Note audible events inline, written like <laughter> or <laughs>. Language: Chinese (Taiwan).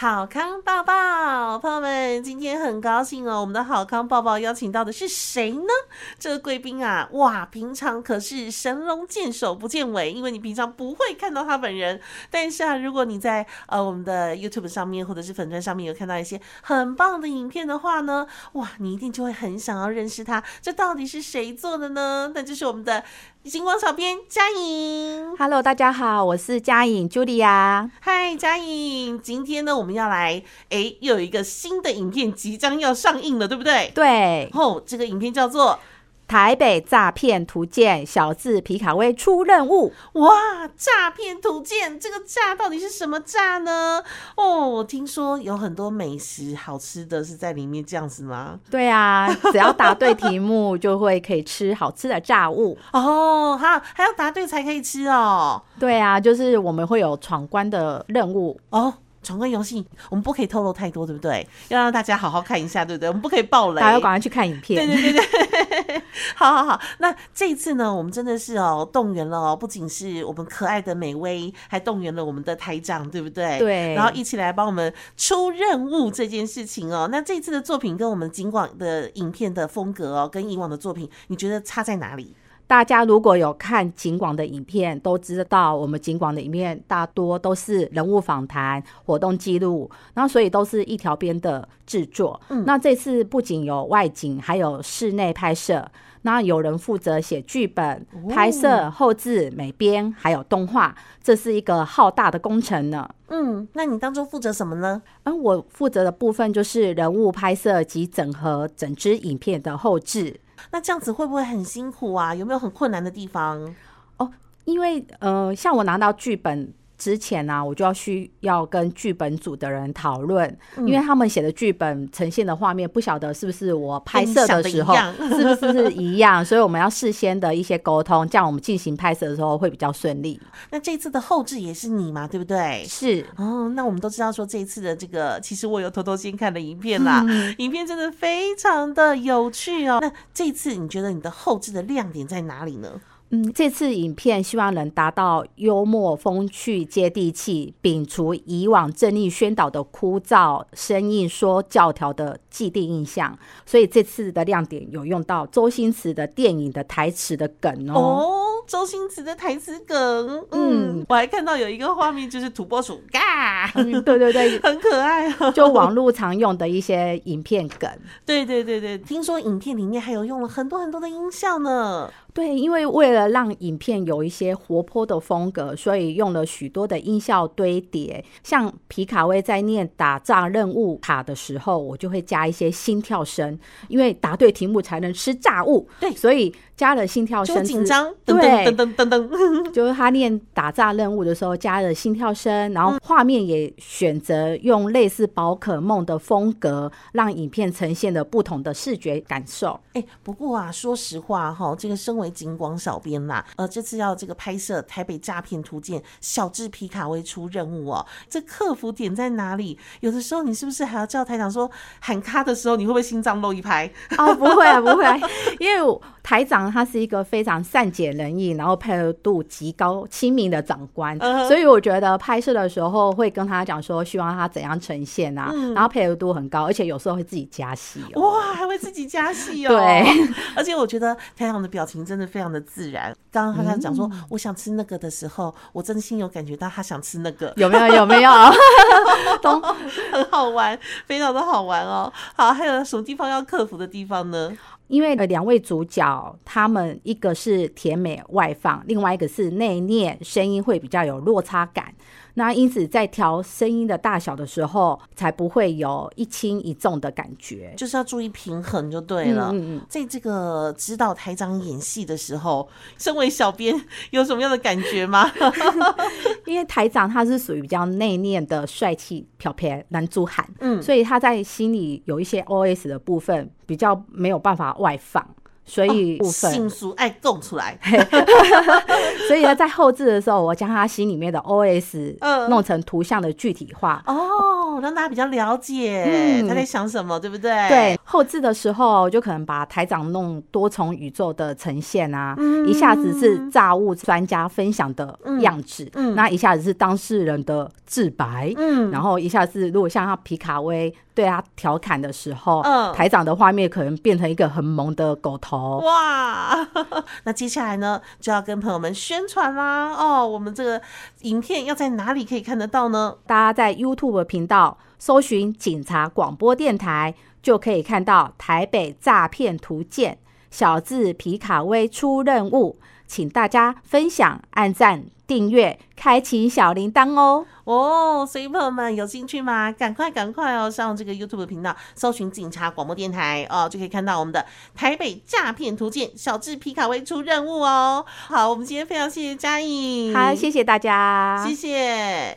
好康報報，朋友們，今天很高興哦！我們的好康報報邀請到的是誰呢？這個貴賓啊，哇，平常可是神龍見首不見尾，因為你平常不會看到他本人。但是啊，如果你在呃我們的 YouTube 上面或者是粉專上面有看到一些很棒的影片的話呢，哇，你一定就會很想要認識他。這到底是誰做的呢？那就是我們的。警廣小編，佳穎。Hello，大家好，我是佳穎 Julia。嗨，佳穎，今天呢，我們要來，哎、欸，又有一個新的影片即將要上映了，對不對？對。哦，oh, 這個影片叫做。台北炸遍圖鑑，小志皮卡薇出任務。哇！炸遍圖鑑這個炸到底是什麼炸呢？哦，我聽說有很多美食好吃的是在裡面，這樣子嗎？對啊，只要答對題目就會可以吃好吃的炸物。 <laughs> 哦。好，還要答對才可以吃哦。對啊，就是我們會有闖關的任務哦。闖關遊戲我們不可以透露太多，對不對？要讓大家好好看一下，對不對？我們不可以爆雷。還要趕快去看影片。對對對對。 <laughs> 好好好，那這一次呢，我們真的是哦動員了，哦，不僅是我們可愛的美薇，還動員了我們的台長，對不對？對。然後一起來幫我們出任務這件事情哦。那這次的作品跟我們警廣的影片的風格哦，跟以往的作品，你覺得差在哪裡？大家如果有看警廣的影片，都知道我們警廣的影片大多都是人物訪談、活動記錄，然後所以都是一條邊的製作。嗯，那這次不僅有外景，還有室內拍攝，那有人負責寫劇本、拍攝、後製美編，還有動畫，這是一個浩大的工程呢。嗯，那你當中負責什麼呢？嗯，我負責的部分就是人物拍攝及整合整支影片的後製。那這樣子會不會很辛苦啊？有沒有很困難的地方？哦，因為呃，像我拿到劇本之前呢，啊，我就要需要跟劇本組的人討論，嗯，因為他們寫的劇本呈現的畫面，不曉得是不是我拍攝的時候是不是，是，不是一樣，嗯、 <laughs> 所以我們要事先的一些溝通， <laughs> 這樣我們進行拍攝的時候會比較順利。那這次的後製也是你嘛，對不對？是。哦，那我們都知道說這一次的這個，其實我有偷偷先看的影片啦，嗯，影片真的非常的有趣哦。那這次你覺得你的後製的亮點在哪裡呢？嗯，這次影片希望能達到幽默風趣、接地氣，摒除以往政令宣導的枯燥、生硬說教條的既定印象。所以這次的亮點有用到周星馳的電影的台詞的梗哦。哦周星馳的台詞梗，嗯，嗯，我還看到有一個畫面就是土撥鼠嘎、嗯，對對對， <laughs> 很可愛。就網絡常用的一些影片梗， <laughs> 對，對對對對。聽說影片裡面還有用了很多很多的音效呢。對，因為為了讓影片有一些活潑的風格，所以用了許多的音效堆疊。像皮卡薇在念打仗任務卡的時候，我就會加一些心跳聲，因為答對題目才能吃炸物，對，所以加了心跳聲，緊張，對。等等噔噔噔噔，就是他練打炸任務的時候加了心跳聲，然後畫面也選擇用類似寶可夢的風格，讓影片呈現了不同的視覺感受。哎、欸，不過啊，說實話哈、哦，這個身為警廣小編啦、啊，呃，這次要這個拍攝台北炸遍圖鑑，小志皮卡薇出任務哦，這克服點在哪裡？有的時候你是不是還要叫台長說喊卡的時候，你會不會心臟漏一拍？哦，不會啊，不會啊，因為我。台長他是一個非常善解人意，然後配合度極高，親民的長官，呃、所以我覺得拍攝的時候會跟他講說，希望他怎樣呈現啊，嗯、然後配合度很高，而且有時候會自己加戲哦。哇，還會自己加戲哦。 <laughs> 對，而且我覺得台長的表情真的非常的自然。剛剛他講說，嗯、我想吃那個的時候，我真心有感覺到他想吃那個， <laughs> 有沒有？有沒有？都 <laughs> 很好玩，非常的好玩哦。好，還有什麼地方要克服的地方呢？因為呃，兩位主角他們一個是甜美外放，另外一個是內斂，聲音會比較有落差感。那因此，在調聲音的大小的時候，才不會有一輕一重的感覺，就是要注意平衡就對了。嗯嗯，嗯。在這個指導台長演戲的時候，身為小編有什麼樣的感覺嗎？ <laughs> <laughs> 因為台長他是屬於比較內斂的帥氣飄飄男子漢，嗯，所以他在心裡有一些 O S 的部分比較沒有辦法外放，所以不成熟愛蹦出來。 <laughs> <laughs> <laughs> 所以呢，在後製的時候，我將他心裡面的 OS 弄成圖像的具體化，嗯，哦。哦、我讓大家比較了解他、嗯、在想什麼，對不對？對，後製的時候就可能把台長弄多重宇宙的呈現啊，嗯、一下子是炸物專家分享的樣子，嗯嗯、那一下子是當事人的自白，嗯、然後一下子如果像他皮卡薇對他調侃的時候，嗯、台長的畫面可能變成一個很萌的狗頭。哇呵呵，那接下來呢就要跟朋友們宣傳啦！哦，我們這個影片要在哪裡可以看得到呢？大家在 YouTube 頻道。搜尋“警察廣播電台”，就可以看到《台北詐騙圖鑑》小志皮卡薇出任務，請大家分享、按讚、訂閱、開啟小鈴鐺、喔、哦！哦，所以朋友們有興趣嗎？趕快趕快，哦！上這個 YouTube 頻道搜尋“警察廣播電台”哦，就可以看到我們的《台北詐騙圖鑑》小志皮卡薇出任務哦！好，我們今天非常謝謝佳穎，好，謝謝大家，謝謝。